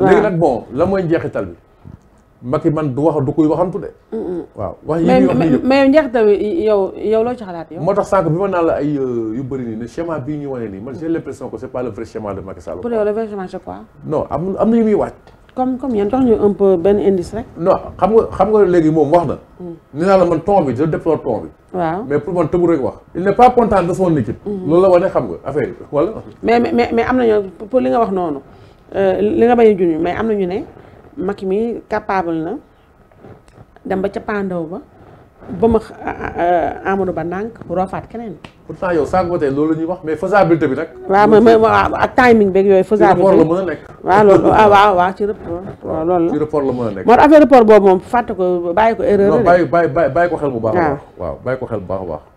léegi nag bon la moy njeexital bi Macky man du wax du koy waxantou de. waaw wax yi mais mais njeexital yow yow lo ci xalat yow. Motax sank bima nal ay euh, yu bari ni, ne schéma bii ñu wone ni, man j'ai l'impression que c'est pas le vrai schéma de Macky Sall. pour le vrai schéma c'est quoi. non am am na yu comme comme yéen jox ñu un peu ben indice rek. non xam nga xam nga léegi moom wax na. Mm. nee naa la man ton bi je déplore ton bi. waaw mais pour man tëbu rek wax. il n'est pas content de son équipe. Mm-hmm. loolu la wone xam nga affaire yi wala. mais mais mais am nañu pour li nga wax noonu. Euh, li nga bañ a junj mais am na ñu ne Macky mi capable na dem ba ca pandaw ba ba ma Amadou Ba ndànk roofaat keneen. pourtant yow sànq ba tey loolu ñuy wax mais faisabilité bi nag. waaw mais waaw ak timing beeg yooyu. faisabilité bi ci report la mën a nekk. waaw loolu ci report. loolu la ci a nekk. moo affaire report boobu moom fàtte ko bàyyi ko erreur. bàyyi bàyyi ko xel bu baax a baax. waaw a baax.